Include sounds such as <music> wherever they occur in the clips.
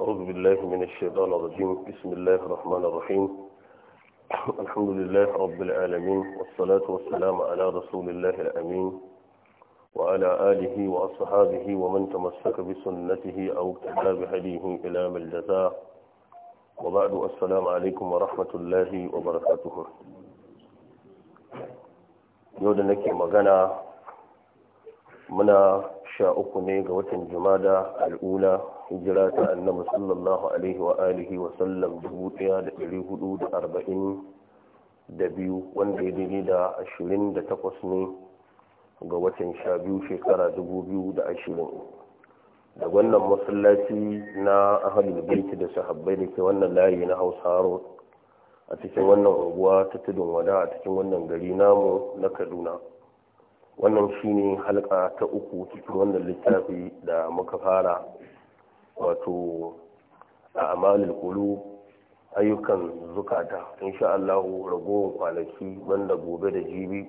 أعوذ بالله من الشيطان الرجيم بسم الله الرحمن الرحيم <coughs> الحمد لله رب العالمين والصلاة والسلام على رسول الله الأمين وعلى آله وأصحابه ومن تمسك بسنته أو اقتدى بهديه إلى الجزاء وبعد السلام عليكم ورحمة الله وبركاته يود نكي منا شاء أكني قوة الأولى hijira ta annabi sallallahu alaihi wa alihi wa sallam dubu ɗaya da ɗari hudu da arba'in da biyu wanda ya daidai da ashirin da takwas ne ga watan sha biyu shekara dubu biyu da ashirin da wannan masallaci na ahalul baiti da sahabbai da ke wannan layi na hausa road a cikin wannan unguwa ta tudun wada a cikin wannan gari namu na kaduna wannan shine halka ta uku cikin wannan littafi da muka fara wato a amalin kulu ayyukan zukata insha Allah ragowar kwanaki banda gobe da jibi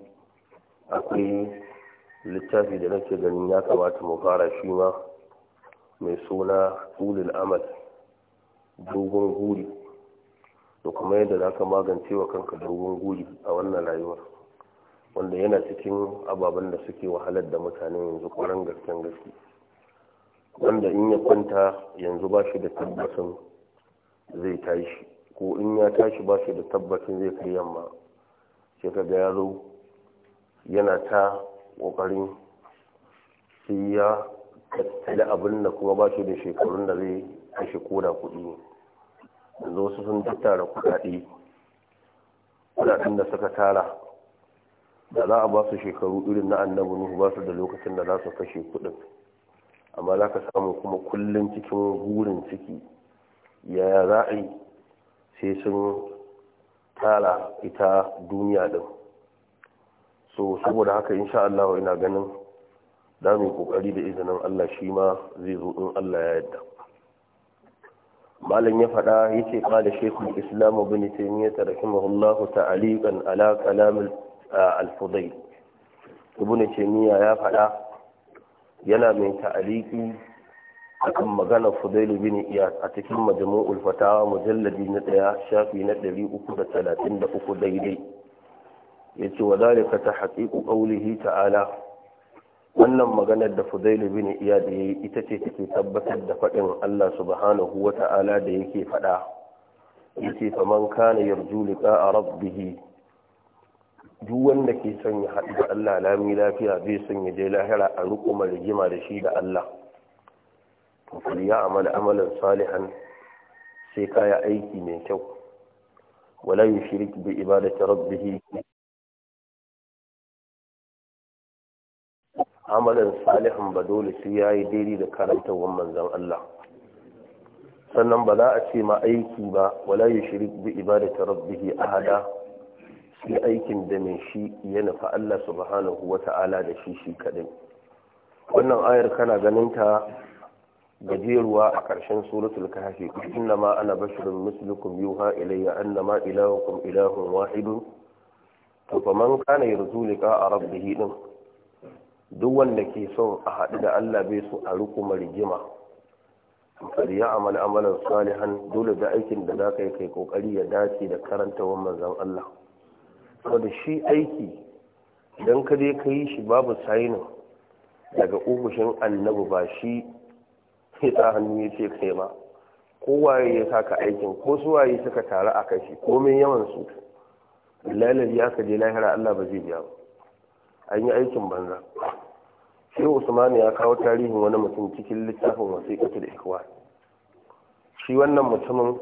akwai littafi da nake ganin ya kamata mu fara shi ma mai suna tulil amal dogon guri da kuma yadda za ka magance wa kanka dogon guri a wannan rayuwar wanda yana cikin ababen da suke wahalar da mutane yanzu kwaran gasken gaske wanda in ya kwanta yanzu ba shi da tabbacin zai tashi ko in ya tashi ba shi da tabbacin zai kai yamma sai ka ga yaro yana ta ƙoƙarin sai ya tattali abin da kuma ba shi da shekarun da zai kashe koda kuɗi ne yanzu wasu sun tattara kuɗaɗe kuɗaɗen da suka tara da za a ba su shekaru irin na annabi nuhu ba su da lokacin da za su kashe kuɗin amma za ka samu kuma kullum cikin burin ciki ya za a yi sai sun tara ita duniya din so saboda haka insha Allah ina ganin za mu kokari da izinin Allah shi ma zai zo in Allah ya yadda. malam ya faɗa yace qala shaykhul islam ibn taymiyyah rahimahullahu kan ala kalam al-fudayl ibn taymiyyah ya faɗa yana mai ta'aliki kan magana fudailu bin iyas a cikin majmu'ul fatawa mujalladi na daya shafi na da 333 daidai yace wa dalika ta haqiqu qawlihi ta'ala wannan maganar da fudailu bin iyad yayi ita ce take tabbatar da faɗin Allah subhanahu wa ta'ala da yake fada yace faman kana yarju liqa rabbihi duk wanda ke son ya haɗu da Allah lami lafiya zai son ya je lahira a rukuma rigima da shi da Allah to ya amala amalan salihan sai kaya aiki mai kyau wala yushrik bi ibadati rabbih amalan salihan ba dole sai yayi daidai da karantawan manzon Allah sannan ba za a ce ma aiki ba wala yushrik bi ibadati rabbih ahada sai aikin da mai shi ya nufa Allah subhanahu wa ta'ala da shi shi kaɗai wannan ayar kana ganin ta gajeruwa a ƙarshen suratul kahfi inna ma ana basharun mislukum yuha ilayya annama ilahukum ilahun wahidun to faman kana yarju liqa rabbih din duk wanda ke son a haɗu da Allah bai so a riƙo rigima Kar ya amala amalan salihan dole da aikin da za ka yi kai kokari ya dace da karanta wannan manzon Allah saboda shi aiki idan ka je ka yi shi babu sainin daga ofishin annabi ba shi ya sa hannu ya ce kai ba kowaye ya saka aikin ko su waye suka taru a kashi komai yawan su lalari ya ka je lahira Allah ba zai biya ba an yi aikin banza sai usman ya kawo tarihin wani mutum cikin littafin wasu wasiƙatu da ikwa shi wannan mutumin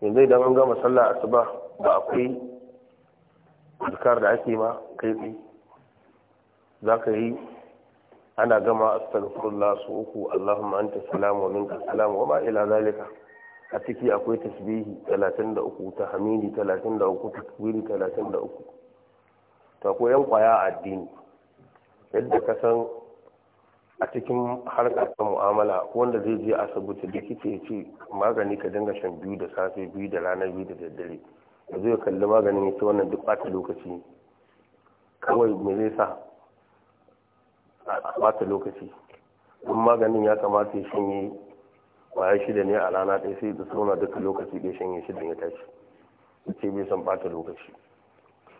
yanzu idan an gama sallah asuba ba akwai azkar da ake ma kai tsaye za ka yi ana gama astaghfirullah su uku allahumma anta salamu wa minka salamu wa ma ila zalika a ciki akwai tasbihi 33 hamidi 33 takwiri 33 ta ko kwaya a addini yadda ka san a cikin harkar ta mu'amala wanda zai je asibiti likita ya ce magani ka dinga shan biyu da safe biyu da rana biyu da daddare ya zo ya kalli maganin ya ce wannan duk ɓata lokaci kawai me zai sa a ɓata lokaci in maganin ya kamata ya shanye kwaya shida ne a rana ɗaya sai da sauna duka lokaci ɗaya shanye shida ya tashi ya ce bai son ɓata lokaci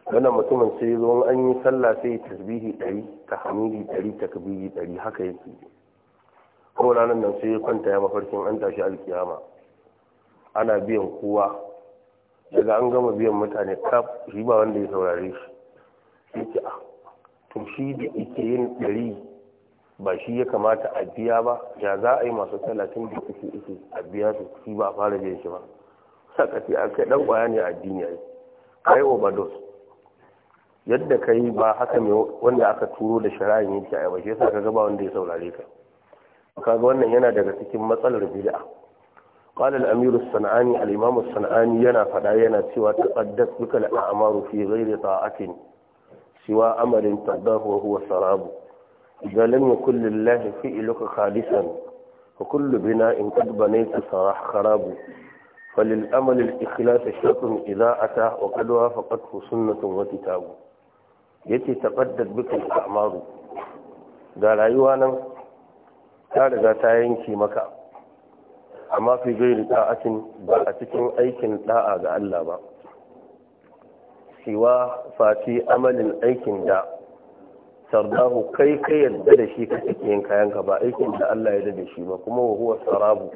wannan mutumin sai zo an yi sallah sai tasbihi ɗari ta hamidi ɗari ta kabiri ɗari haka yake ko ranar nan sai ya kwanta ya mafarkin an tashi alkiyama ana biyan kowa daga an gama biyan mutane kaf shi ba wanda ya saurare shi shi ce a ah, to shi da ike yin ɗari ba shi ya kamata a biya ba ya za a yi masu talatin da uku uku a biya su shi ba fara biyan shi ba sakati a ah, kai ɗan ƙwaya ne a addini yi? kai overdose yadda ka yi ba haka mai wanda aka turo da shari'a yake a yaba shi yasa ka gaba wanda ya saurare ka kaga wannan yana daga cikin matsalar bid'a قال الأمير الصنعاني الإمام الصنعاني ينا فداينا سوى تقدس بك الأعمار في غير طاعة سوى أمر ترضاه وهو سراب إذا لم يكن لله فئلك خالصا وكل بناء قد بنيت صراح خراب فللأمل الإخلاص شرط إذا أتى وقد وافقته سنة وكتاب يتي تقدس بك الأعمار قال أيوانا قال ذا تاينكي مكان amma fi gairi da'atin ba a cikin aikin da'a ga Allah ba siwa fati amalin aikin da sardahu kai kai yadda da shi kake yin kayanka ba aikin da Allah ya da shi ba kuma wa huwa sarabu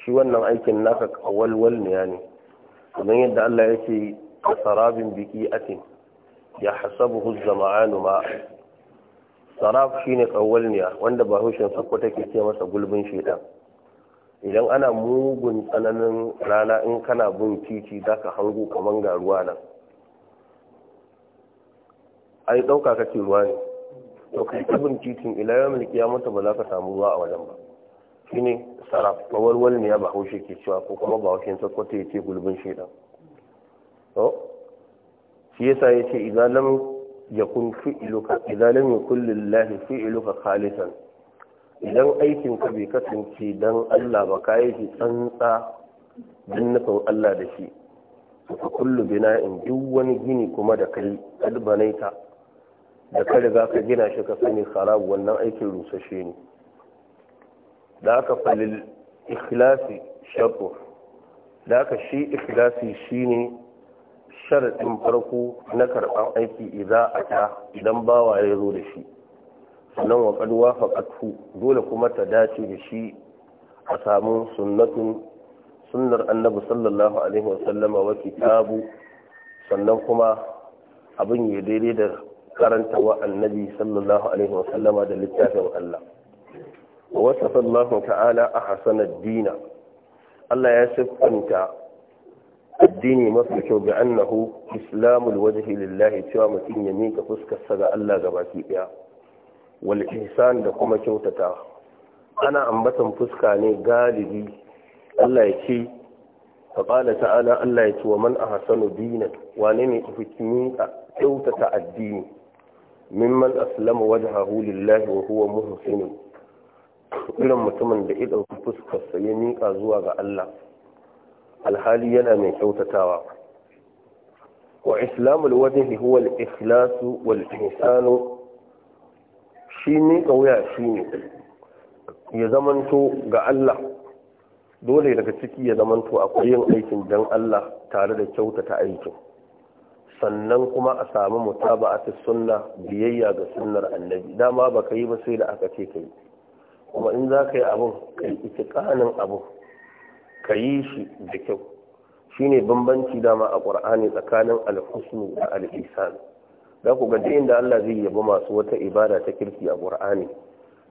shi wannan aikin naka kawalwal ne ya ne kamar yadda Allah yake ce sarabin biki atin ya hasabuhu zama'anu ma sarab shine kawalniya wanda ba hushin sakko take ce masa gulbin da. idan ana mugun tsananin rana in kana bin titi za ka hango kamar ga ruwa nan ai ɗauka kake ruwa ne to kai ta bin titin ilayen mulki ya mata ba za ka samu ruwa a wajen ba shine tsara mawalwal ne ya ba haushe ke cewa ko kuma ba haushe ta kwata ya ce gulbin shaidan to shi yasa ya ce idan lam yakun fi'luka idan lam yakun lillahi fi'luka khalisan idan aikin ka bai kasance don Allah ba ka yi shi tsantsa don nufin Allah da shi ka kullu in duk wani gini kuma da kai ta da ka riga ka gina shi ka sani kharabu wannan aikin rusashe ne da aka falil ikhlasi shartu da aka shi ikhlasi shine sharaɗin farko na karɓar aiki idan a idan bawa ya zo da shi sannan wa qad wafaqathu dole kuma ta dace da shi a samu sunnatun sunnar annabi sallallahu alaihi wa sallama wa kitabu sannan kuma abin ya daidai da karanta wa annabi sallallahu alaihi wa sallama da littafin Allah wa wasafa Allah ta'ala a ad-dina Allah ya siffanta addini mafi kyau bi annahu islamul wajhi lillahi cewa mutum ya mika fuskar sa ga Allah gabaki daya wal ihsan da kuma kyautata ana ambatan fuska ne galibi Allah ya ce fa qala ta'ala Allah ya ce wa man ahsanu dinan wane ne ifitini kyautata addini mimman aslama wajhahu lillahi wa huwa muhsin irin mutumin da idan fuskarsa ya miƙa zuwa ga Allah alhali yana mai kyautatawa wa islamul wajhi huwa al-ikhlasu wal ihsanu shi miƙa wuya shi ne ya zamanto ga Allah dole daga ciki ya zamanto akwai yin aikin don Allah tare da kyautata aikin sannan kuma a samu ta sunna biyayya ga sunnar annabi dama ba ka yi ba sai da aka ce ka yi kuma in za ka yi abin ka yi itikanin abin ka yi shi da kyau shine bambanci dama a ƙur'ani tsakanin alhusnu da al'isan za ku gaji inda Allah zai yabo masu wata ibada ta kirki a Qur'ani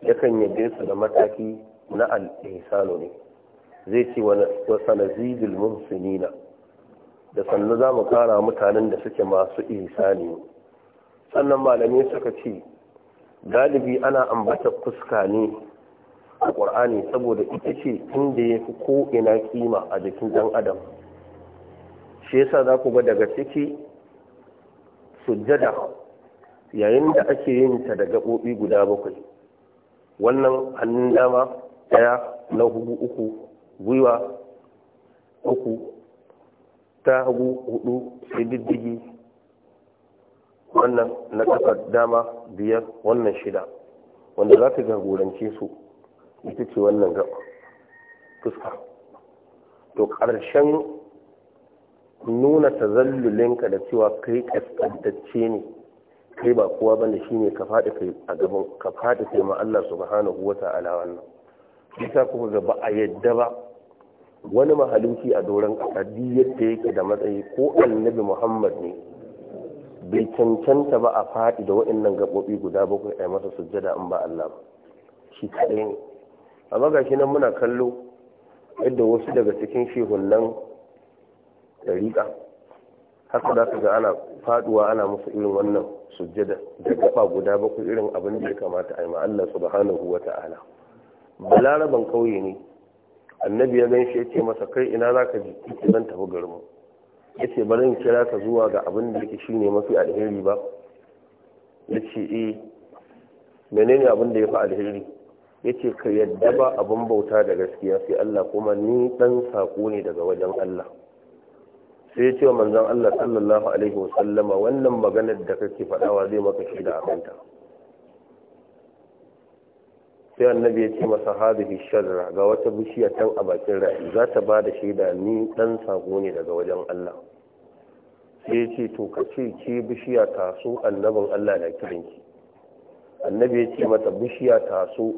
yakan yabe su da mataki na al-ihsanu ne zai ce wa sanazidul muhsinina da sannu za mu kara mutanen da suke masu ihsani sannan malamai suka ce galibi ana ambata fuska ne a ƙur'ani saboda ita ce inda ya fi ko'ina kima a jikin ɗan adam shi yasa za ku ga daga ciki sujjada yayin da ake yin ta da gaɓoɓi guda bakwai wannan hannun dama ɗaya na hugu uku gwiwa uku ta hagu hudu sai diddigi wannan na ƙasa dama biyar wannan shida wanda za ta jagorance su ita ce wannan gaba fuska to ƙarshen nuna ta tazallulinka da cewa kai kaskantacce ne kai ba kowa bane shine ka fadi kai a gaban ka fadi kai ma Allah subhanahu wata'ala wannan bisa kuma ga ba a yadda ba wani mahaluki a doron ƙasa yadda yake da matsayi ko annabi Muhammad ne bai cancanta ba a faɗi da waɗannan gaɓoɓi guda bakwai a masa sujjada in ba Allah shi kaɗai ne amma ga shi nan muna kallo yadda wasu daga cikin nan. Ɗariƙa. haka za ka ga ana faduwa ana musu irin wannan sujjada da gaba guda bakwai irin abin da ya kamata a yi Allah subhanahu wa ta'ala balaraban kauye ne annabi ya gan shi ya ce masa kai ina za ka ji zan tafi garmu? ya ce bari in kira ka zuwa ga abin da yake ne mafi alheri ba ya ce eh menene abin da ya fi alheri ya ce ka yadda ba abin bauta da gaskiya sai Allah kuma ni dan sako ne daga wajen Allah sai ya ce wa Allah sallallahu alaihi wasallama wannan maganar da kake faɗawa zai maka shi da amanta sai annabi ya ce masa hadhihi shadra ga wata bishiya tan a bakin ra'i za ta ba da shaida ni dan sako ne daga wajen Allah sai ya ce to ka ce ke bishiya taso annabin Allah na kirinki annabi ya ce mata bishiya taso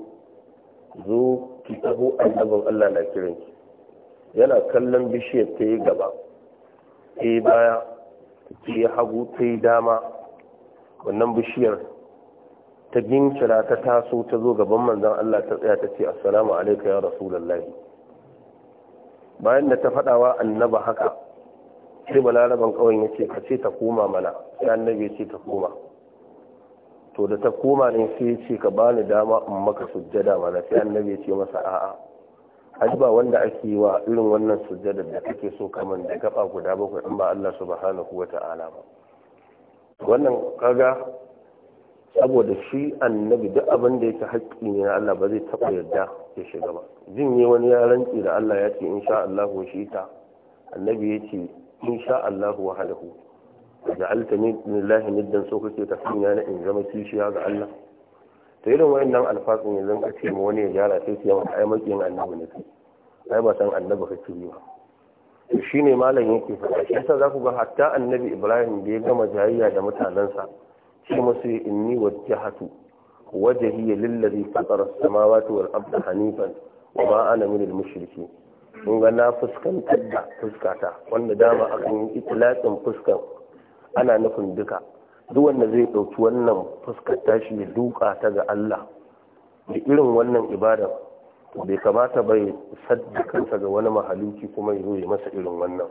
zo ki taho annabin Allah na kiranki yana kallon bishiyar ta yi gaba ta yi baya ta yi hagu ta yi dama wannan bishiyar ta gincira ta taso ta zo gaban manzan Allah ta tsaya ta ce assalamu alaika ya rasulullahi bayan da ta faɗawa annaba haka sai balaraban kawai ya ce ka ce ta koma mana sai annabi ya ce ta koma to da ta koma ne sai ya ce ka bani dama in maka sujjada mana sai annabi ya ce masa a'a haji ba wanda ake yi wa irin wannan sujjada da kake so kaman da gaba guda bakwai in ba Allah subhanahu wa ta'ala ba wannan kaga saboda shi annabi duk abin da yake haƙƙi ne na Allah ba zai taɓa yadda ya shiga ba jin yi wani ya rantsi da Allah ya ce insha Allah shi ta annabi ya ce insha Allah halahu ja'alta min lillahi niddan so kake tafiya na in zama kishiya ga Allah da irin wayannan alfasun yanzu ka ce ma wani ya gyara sai su yawan ai annabi ne ai ba san annabi kake yi ba to shine malam yake faɗa shi yasa za ku ga hatta annabi Ibrahim da ya gama jayayya da mutanansa ce musu inni wajjahatu wajhi lillazi fatara samawati wal arda hanifan wa ma ana min al-mushrikeen mun ga na fuskantar da fuskata wanda dama akan yi itlaqin fuskan ana nufin duka duk wanda zai ɗauki wannan fuskar tashi ya duka ta ga Allah da irin wannan ibada bai kamata bai sadda kansa ga wani mahaluki kuma ya yi masa irin wannan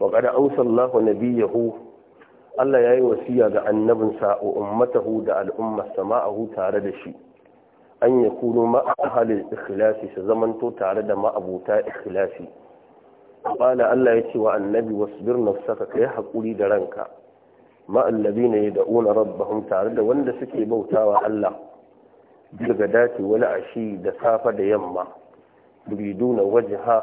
wa qad awsallahu nabiyahu Allah yayi wasiya ga annabinsa wa ummatahu da al'umma sama'ahu tare da shi an yakunu ma'a ahalil ikhlasi su zamanto tare da ma'abuta ikhlasi qala Allah yace wa annabi wasbir nafsaka kai hakuri da ranka ne da Una, rabbahum tare da wanda suke bautawa Allah daga dace wani ashi da safa da yamma waje ha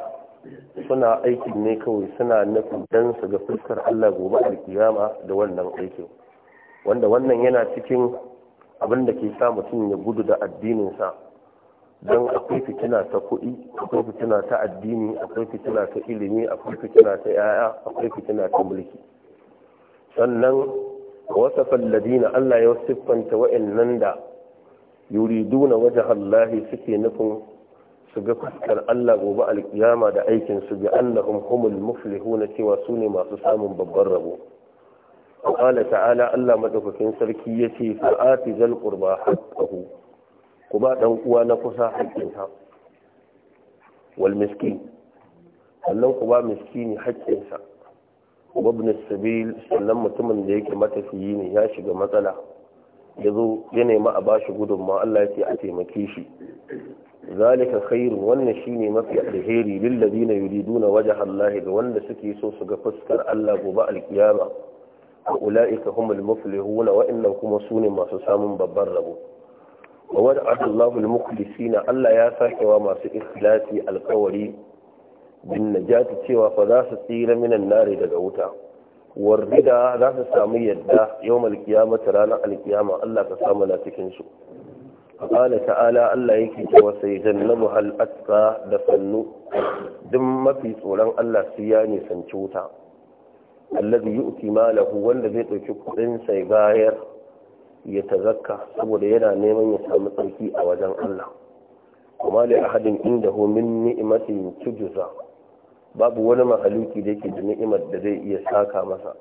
suna aikin ne kawai suna nufin dan su ga fuskar Allah gobe alkiyama da wannan aikin wanda wannan yana cikin abin da ke sa mutum ya gudu da addininsa don akwai fitina ta kuɗi akwai fitina ta addini akwai fitina ta ilimi akwai fitina ta yaya akwai fitina ta mulki sannan wasafan ladina Allah ya siffanta nan da yuriduna wajen Allah suke nufin su ga fuskar Allah gobe alkiyama da aikin su bi annahum humul na cewa su ne masu samun babban rabo qala ta'ala Allah madaukakin sarki yace fa'ati zal qurba haqqahu kuma dan uwa na kusa haƙƙinsa wal miskin sannan kuma miskini haƙƙinsa wabin sabil sannan mutumin da yake matafiyi ne ya shiga matsala ya zo ya nema a bashi gudunma Allah ya ce a taimake shi zalika khairu wannan shine mafi alheri lil ladina yuriduna wajha Allah ga wanda suke so su ga fuskar Allah gobe alkiyama wa ulaika humul muflihun wa innahum kuma sune masu samun babban rabo wa wada'a Allahu al-mukhlisina Allah ya sakewa masu ikhlasi alkawari bin najati cewa fa za su tsira minan nare daga wuta warrida za su samu yadda yawmal qiyamati ranar alkiyama Allah ka samu na cikin su قال تعالى allah yake cewa sai jannabu hal atqa da fannu. duk mafi tsoron Allah su ya ne sanci wuta alladhi yu'ti malahu wanda zai dauki kudin sai bayar ya tazakka saboda yana neman ya samu tsarki a wajen Allah kuma li ahadin indahu min ni'matin tujza babu wani mahaluki da yake da ni'imar da zai iya saka masa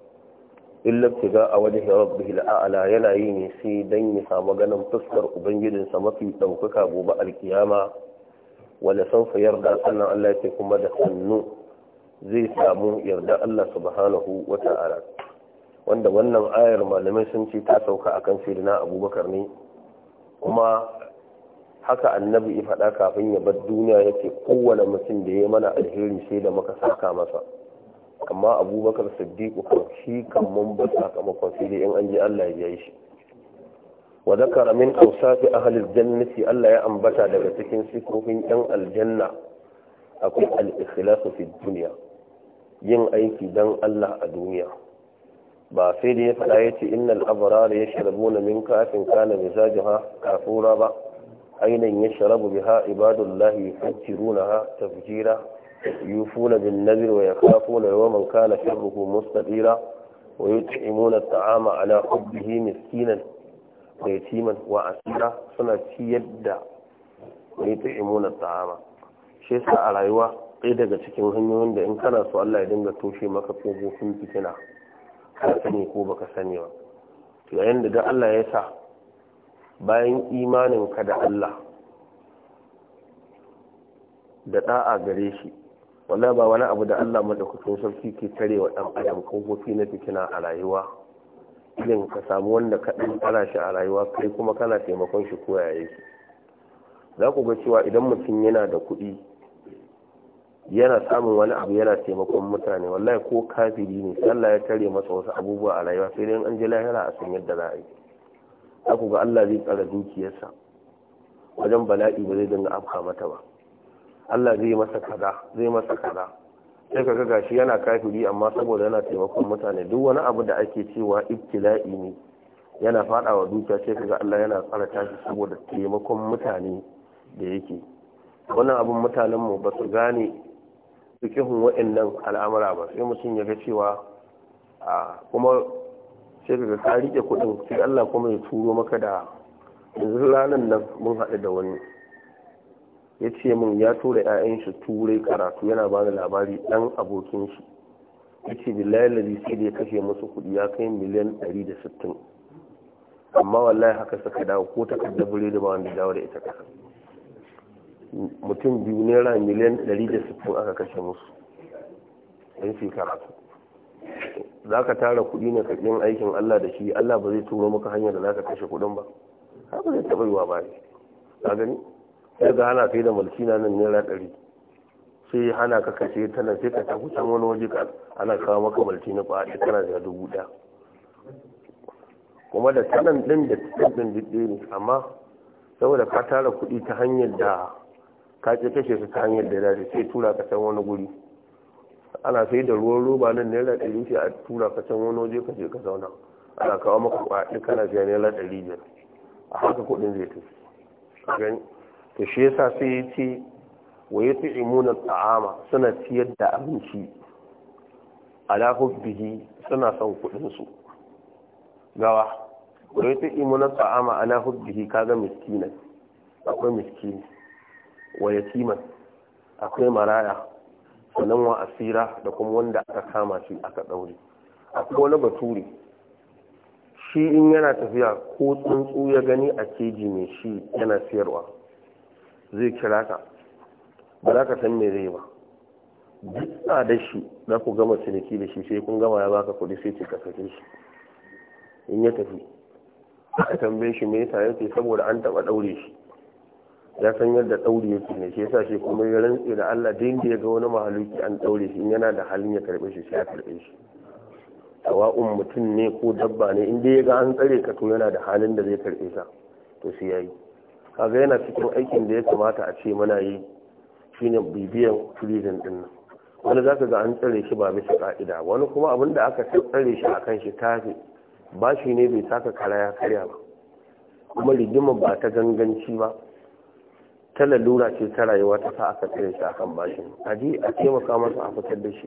illa ga a wajen rabbihil a'la yana yi ne sai dan ya samu ganin fuskar ubangijinsa mafi daukaka gobe alkiyama wala sanfa yarda sannan Allah ya kuma da sannu zai samu yarda Allah subhanahu wata'ala wanda wannan ayar malamai sun ce ta sauka akan sayyidina Abubakar ne kuma haka annabi ya faɗa kafin ya bar duniya ce, kowane mutum da ya mana alheri sai da maka saka masa amma abubakar siddiqu shi kan mun ba sakamakon sai dai in an ji Allah ya yi shi wa zakara min awsafi ahli aljannati Allah ya ambata daga cikin sifofin yan aljanna akwai al-ikhlasu fi dunya yin aiki dan Allah a duniya ba sai da ya faɗa ya ce innal ya yashrabuna min kafin kana mizajuha kafura ba ainihin ya sharabu bi ha ibadullahi yufjiruna ha tafjira yufuna bin nazir wa yakhafuna yawman kana sharruhu mustadira wa yut'imuna at'ama ala hubbihi miskinan wa yatiman wa asira suna ci yadda wa yut'imuna at'ama shi sa a rayuwa Kai daga cikin hanyoyin da in kana su Allah ya dinga toshe maka tsohon fitina ka sani ko baka sani ba yayin da Allah ya sa bayan imaninka da Allah da ɗa'a gare shi wala ba wani abu da Allah madaukakin sarki ke tare wa ɗan adam kofi na fitina a rayuwa irin ka samu wanda ka ɗan tsara shi a rayuwa kai kuma kana taimakon shi ko yaya yake za ku ga cewa idan mutum yana da kuɗi yana samun wani abu yana taimakon mutane wallahi ko kafiri ne sallah ya tare masa wasu abubuwa a rayuwa sai dai an je lahira a san yadda za a yi aku ga Allah zai tsara dukiyarsa wajen bala'i ba zai dinga afka mata ba Allah zai masa kaza zai masa kaza sai kaga gashi yana kafiri amma saboda yana taimakon mutane duk wani abu da ake cewa ibtila'i ne yana fadawa dukiya sai kaga Allah yana tsara tashi saboda taimakon mutane da yake wannan abun mutanen mu ba su gane cikin wa'annan al'amura ba sai mutum ya ga cewa kuma sai ka ka rike kudin sai Allah kuma ya turo maka da yanzu ranar nan mun haɗu da wani ya ce min ya tura 'ya'yan shi turai karatu yana ba da labari ɗan abokin shi ya ce billahi lalzi sai da ya kashe musu kuɗi ya kai miliyan 160 amma wallahi haka saka dawo ko takardar bure da ba wanda dawo da ita kasa mutum biyu naira miliyan 160 aka kashe musu yi shi karatu za ka tara kuɗi na ka aikin Allah da shi Allah ba zai turo maka hanyar da za ka kashe kuɗin ba ba zai taɓa yiwa ba ne ka gani sai ga hana kai da malkina nan naira ɗari sai hana ka kashe ta nan sai ka tafi can wani waje ka ana kawo maka malkina ba a na da dubu ɗaya kuma da tanan ɗin da tanan ɗin ne amma saboda ka tara kuɗi ta hanyar da ka ce kashe su ta hanyar da ya dace sai tura ka can wani guri ana sai da ruwan roba nan naira ɗari ce a tura ka can wani waje ka je ka zauna ana kawo maka kwaɗi kana siya naira ɗari biyar a haka kuɗin zai tafi to shi yasa sai ya ce wa ya fi ta'ama suna ciyar da abinci ala hubbihi suna son su gawa wa ya fi imunar ta'ama ala hubbihi kaga miskinan akwai miskini wa yatiman akwai maraya sanan wa asira da kuma wanda aka kama shi aka ɗaure akwai wani bature shi in yana tafiya ko tsuntsu ya gani a keji mai shi yana siyarwa zai kira ka ba za ka san me zai ba duk da shi za ku gama ciniki da shi sai kun gama ya baka kuɗi sai ce ka sake shi in ya tafi a tambaye shi me yasa yake saboda an taɓa ɗaure shi ya san yadda ɗaure yake ne shi yasa shi kuma ya rantse da Allah da da ya ga wani mahaluki an ɗaure shi yana da halin ya karɓe shi sai ya karɓe shi tawa'un mutum ne ko dabba ne in dai ya ga an tsare ka to yana da halin da zai karɓe sa to ya yayi kaga yana cikin aikin da ya kamata a ce muna yi shine bibiyan prison din nan wani zaka ga an tsare shi ba bisa ka'ida wani kuma abin da aka tsare shi akan shi tafi ba shi ne bai saka karaya karya ba kuma rigima ba ta ganganci ba ta lura ce ta rayuwa ta sa aka tsare shi akan bashin a ji a taimaka masa a fitar da shi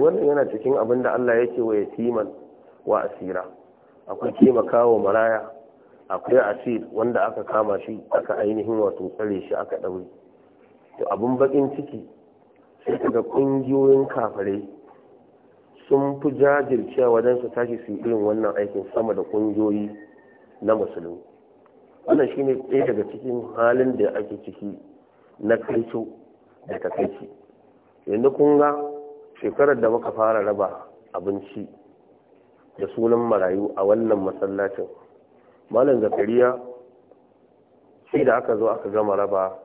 wannan yana cikin abin da Allah ya ke wa yatiman wa asira akwai taimaka wa maraya akwai asir wanda aka kama shi aka ainihin wato tsare shi aka ɗaure to abin bakin ciki sai daga ƙungiyoyin kafare sun fi jajircewa wajen su tashi su yi irin wannan aikin sama da ƙungiyoyi na musulmi wannan shine ɗaya daga cikin halin da ake ciki na kaico da takaici yanzu kun ga shekarar da muka fara raba abinci da sunan marayu a wannan masallacin malam zakariya shi da aka zo aka gama raba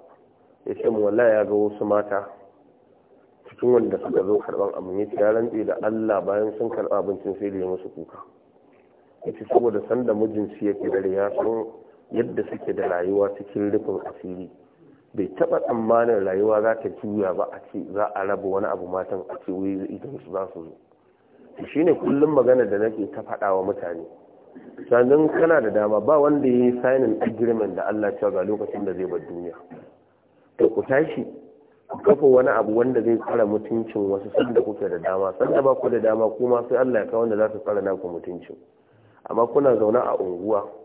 ya ce mu ya ga wasu mata cikin wanda suka zo karban abin ya ya rantse da Allah bayan sun karɓa abincin sai da ya musu kuka ya ce saboda sanda mijinsu yake dare ya san yadda suke da rayuwa cikin rufin asiri bai taɓa tsammanin rayuwa za ta juya ba a ce za a raba wani abu matan a ce wuri idan su za su zo shi ne kullum magana da nake ta faɗa wa mutane sannan kana da dama ba wanda ya yi sainin agreement da Allah cewa ga lokacin da zai bar duniya to ku tashi ku kafa wani abu wanda zai tsara mutuncin wasu sanda kuke da dama sanda ba ku da dama kuma sai Allah ya kawo wanda za su tsara naku mutuncin amma kuna zaune a unguwa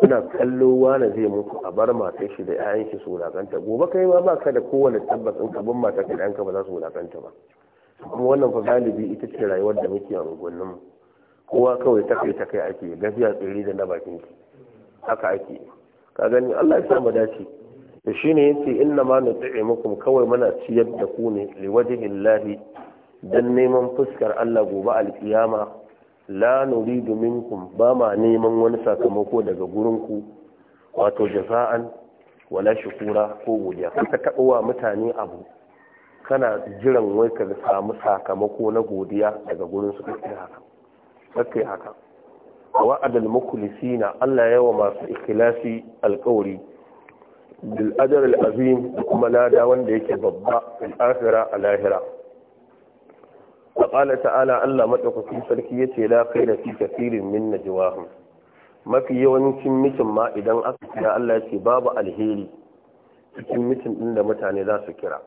kuna kallo wane zai mutu a bar matar shi da 'ya'yan shi su wulakanta gobe kai ma ba ka da kowane tabbas in ka ka da ba za su wulakanta ba kuma wannan fa galibi ita ce rayuwar da muke a unguwanninmu kowa kawai ta kai ta kai ake gafiya tsiri da na bakin ki haka ake ka gani Allah ya sa mu dace da shine yace inna ma nut'imukum kawai muna ciyar da ku ne liwajhillahi dan neman fuskar Allah gobe alkiyama la domin minkum ba ma neman wani sakamako daga gurinku wato jaza'an wala shukura ko godiya ka taɓa wa mutane abu kana jiran wai ka samu sakamako na godiya daga gurin su kai haka kai haka makulisi mukhlisina Allah yawa masu ikhlasi alƙawari bil ajr da kuma lada wanda yake babba al akhirah lahira faƙala ta'ala Allah maɗaukaki sarki ya ce lafai da fi tafirin min na jiwahun mafi yawancin mitin ma idan aka kira Allah ya ce babu alheri cikin mitin ɗin da mutane za su kira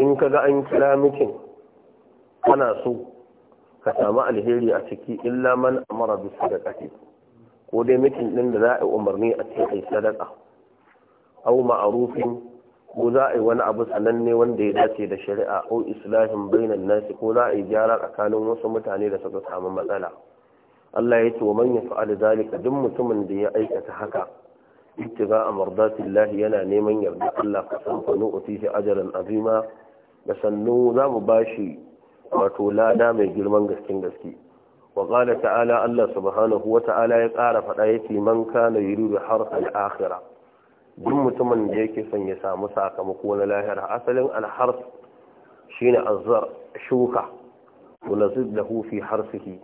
in ka ga an kira mitin ana so ka samu alheri a ciki illa man amara bi sadaka ko dai mitin ɗin da za a yi umarni a ce ai sadaka au ma'arufin ko za a yi wani abu sananne wanda ya dace da shari'a ko islahin bainan nasi ko za a yi gyara tsakanin wasu mutane da suka samu matsala Allah ya ce wa manyan yaf'al zalika duk mutumin da ya aikata haka ittiba amradatillah yana neman yarda Allah ka san fa nu utihi ajran azima da sannu za mu bashi wato lada mai girman gaskin gaske wa qala ta'ala Allah subhanahu wa ta'ala ya ƙara faɗa yace man kana yuridu al akhirah duk mutumin da yake son ya samu sakamako na lahira asalin alhars shine azzar shuka tunazid da hufi harsihi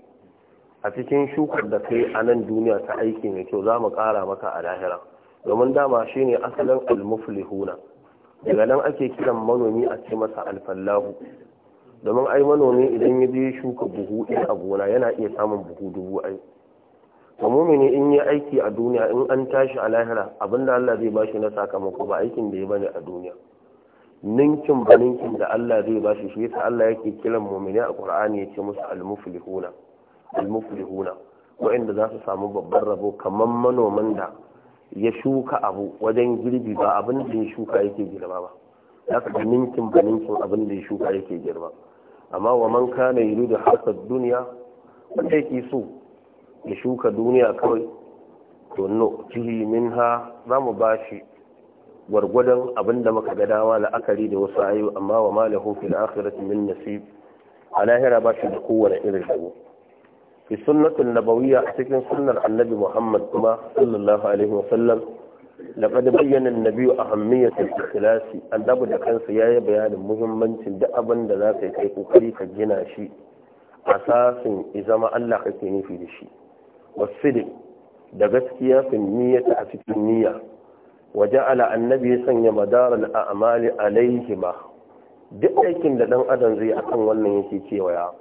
a cikin shukar da kai a nan duniya ta aiki mai kyau za mu ƙara maka a lahira domin dama shine asalin almuflihuna daga nan ake kiran manomi a ce masa alfallahu domin ai manomi idan ya je shuka buhu a gona yana iya samun buhu dubu ai to mumini in yi aiki a duniya in an tashi a lahira abinda Allah zai bashi na sakamako ba aikin da ya bane a duniya ninkin ba ninkin da Allah zai bashi shi yasa Allah yake kiran mumini a Qur'ani yace musu al-muflihuna al-muflihuna za su samu babban rabo kamar manoman da ya shuka abu wajen girbi ba abin da ya shuka yake girma ba za ka ga ninkin ba ninkin abin ya shuka yake girma amma wa man kana yuridu hasad duniya wanda yake so ya shuka duniya kawai to cihi jihi minha za mu ba shi gwargwadon abin da muka ga dama la'akari da wasu ayu amma wa ma lahu fil akhirati min nasib a lahira ba shi da kowane irin rabo fi sunnatul nabawiyya a cikin sunnar annabi muhammad kuma sallallahu alaihi wa sallam laqad bayyana an-nabiy ahammiyat al-ikhlas da kansa yayi bayanin muhimmancin duk abin da za ka kai kokari ka gina shi asasin izama Allah kake nufi da shi wasidin da gaskiya fin niyyata a cikin niyya waje ala annabi ya sanya madaral a amali alaihima duk aikin da dan adam zai akan wannan yake cewa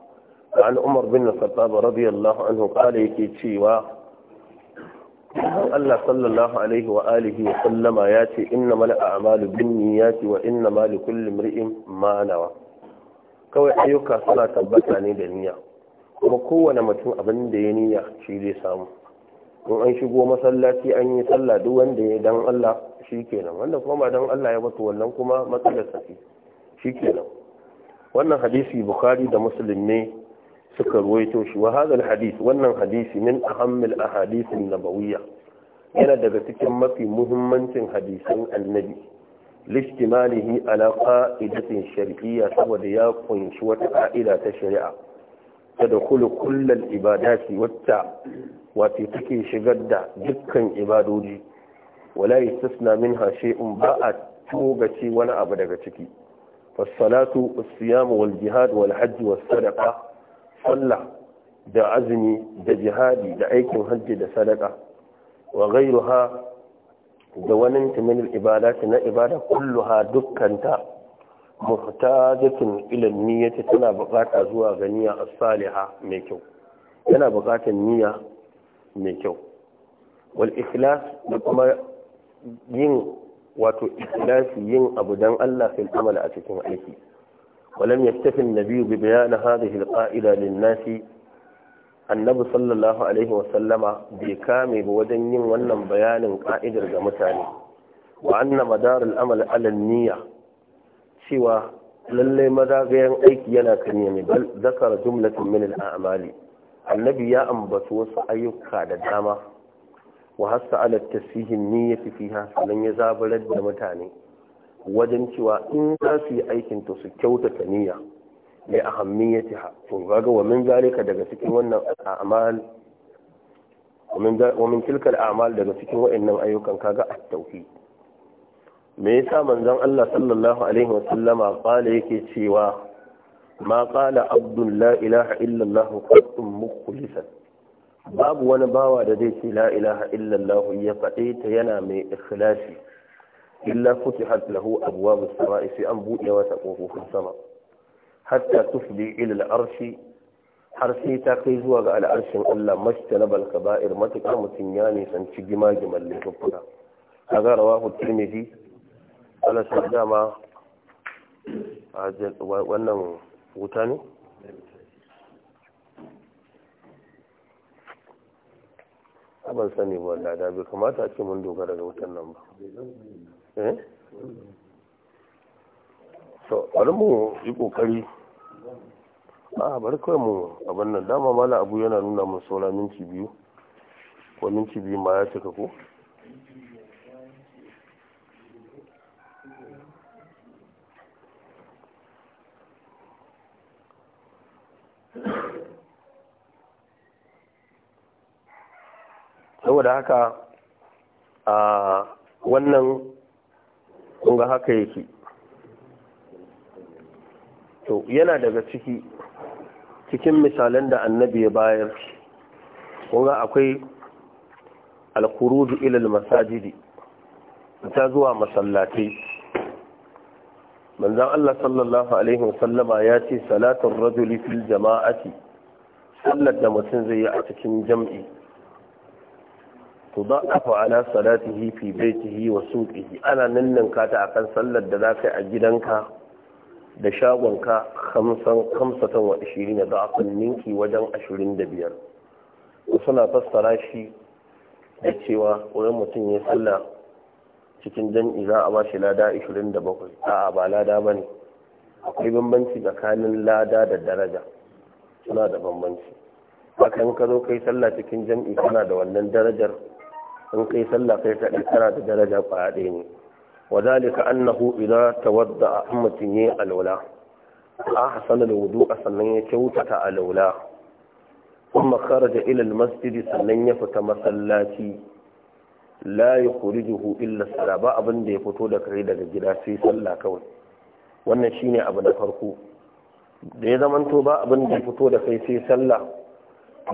an umar bin khattab radiyallahu anhu kala yake cewa Allah sallallahu alaihi wa alihi wa sallama ya ce innamal a'malu binniyati wa inna mali kullum ma nawa kawai ayyuka suna tabbata ne da niyya kuma kowane mutum abin da ya niyya shi zai samu in an shigo masallaci an yi sallah duk wanda ya dan Allah shi kenan wanda kuma ba dan Allah ya batu wannan kuma matsalar safi shi kenan wannan hadisi bukhari da muslim ne suka ruwaito shi wa hadal hadis wannan hadisi min ahammil ahadisin nabawiyya yana daga cikin mafi muhimmancin hadisan annabi listimalihi ala qa'idatin shar'iyya saboda ya kunshi wata ka'ida ta shari'a ta da kula kullal ibadati wacce wato take shigar da dukkan ibadodi wala yastasna minha shay'un ba a togace wani abu daga ciki fasalatu as-siyam wal jihad wal hajj was sadaqa sallah da azumi da jihadi da aikin hajji da sadaka wa ghayruha da wani min al na ibada kulluha dukkanta muhtajatin ila niyyati tana bukata zuwa ga niyya as mai kyau yana bukatar niyya mai kyau wal ikhlas da kuma yin wato ikhlasi yin abu dan Allah fil amal a cikin aiki ولم يكتفي النبي ببيان هذه القاعدة للناس annabi sallallahu alaihi wasallama bai kame ba wajen yin wannan bayanin ƙa'idar ga mutane wa anna madar al'amal ala niyya cewa lallai mazagayen aiki yana kan mai bal zakara jumlatin min al'amali annabi ya ambatu wasu ayyuka da dama wa hasa ala tasihin niyyati fiha sannan ya zabarar da mutane wajen cewa in za su yi aikin to su kyautata niyya li ahammiyatiha to kaga wa min zalika daga cikin wannan a'mal wa min tilka al'amal cikin wa'annan ayyukan kaga at me yasa manzon Allah sallallahu alaihi wasallama qala yake cewa ma kala Abdullahi la ilaha illa allah mukhlisan babu wani bawa da zai ce la ilaha illa allah ya fade ta yana mai ikhlasi illa futihat lahu abwabu samai sai an buɗe masa kofofin sama hatta tufli ila al-arshi har sai ta kai zuwa ga al'arshin Allah mashtalabal kaba'ir matuƙar mutum ya nisanci cigima giman laifuka kaga rawahu tirmidhi ana sun dama a wannan wuta ne ban sani ba lada bai kamata a ce mun dogara da wutan nan ba eh to bari mu yi kokari a bari kawai mu abin nan dama mala abu yana nuna mun saura minti biyu ko minti biyu ma ya cika ko saboda haka a wannan kunga haka yake to yana daga ciki cikin misalan da annabi ya bayar kunga akwai alkuruju ilal masajidi ta zuwa masallatai manzan Allah sallallahu Alaihi wasallama ya ce salatun rajuli fil jama'ati sallar da mutum zai yi a cikin jam'i to za a ala salatihi ta yi wa suqihi ana nannan kata a kan sallar da zaka yi a gidanka da shagonka khamsan khamsatan wa 20 da za akan ninki wajen ashirin da biyar, 25 suna fassara shi da cewa wurin mutum ya sallah cikin jam'i za a bashi lada shi da bakwai, a ba lada ba ne akwai bambanci tsakanin lada da daraja suna da bambanci bakan ka zo kai sallah cikin jam'i suna da wannan darajar in kai sallah kai ta kana da daraja kwaya ɗaya ne wa zalika annahu idza tawadda ummatin yi alwala ahsana a sannan ya kyautata alwala kuma kharaja ila almasjid sannan ya fita masallaci la yukhrijuhu illa salat ba abin da ya fito da kai daga gida sai sallah kawai wannan shine abu na farko da ya zamanto ba abin da ya fito da kai sai sallah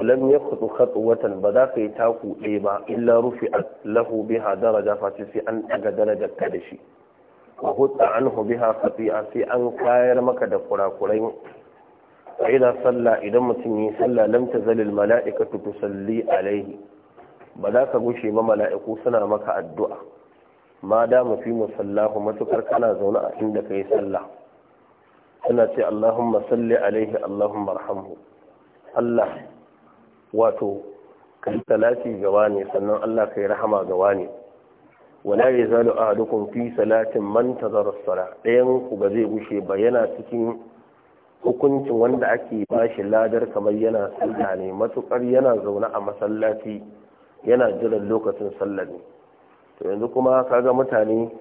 lam yakhdu khatwatan ba za ka yi taku ɗaya ba illa rufi lahu biha daraja face sai an daga darajar ka da shi wa hutta anhu biha khati'a sai an kayar maka da kurakurai A idan salla idan mutum yi salla lam zalil al mala'ikatu salli alaihi ba za ka gushe ma mala'iku suna maka addu'a ma da mu fi musallahu matukar kana zaune a inda kayi sallah suna ce allahumma salli alaihi allahumma arhamhu Allah wato kai salati ga ne sannan Allah kai rahama ga ne wala yazalu ahadukum fi salatin man tazara as-sala dayan ku ba zai gushe ba yana cikin hukuncin wanda ake bashi ladar kamar yana sallah ne matukar yana zaune a masallaci yana jiran lokacin sallah ne to yanzu kuma kaga mutane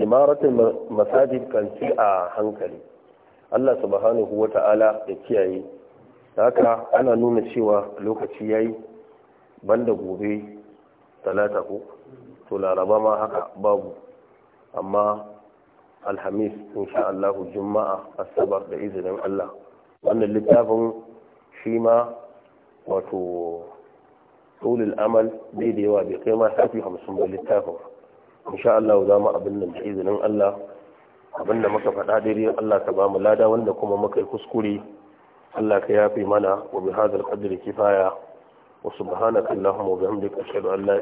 imaratul masajid kan ci a hankali Allah subhanahu wata'ala ya kiyaye haka ana nuna cewa lokaci ya yi banda gobe talata ko to laraba ma haka babu amma alhamis insha Allahu juma'a asabar da izinin Allah wannan littafin shi ma wato tulul amal bai da yawa bai kai ma safi hamsin ba littafin insha Allah za mu abin nan da izinin Allah abin da muka faɗa daidai Allah ta ba mu lada wanda kuma muka yi kuskure Allah ka yafi mana wa bi hadal qadri kifaya wa subhanaka allahumma wa bihamdika ashhadu an la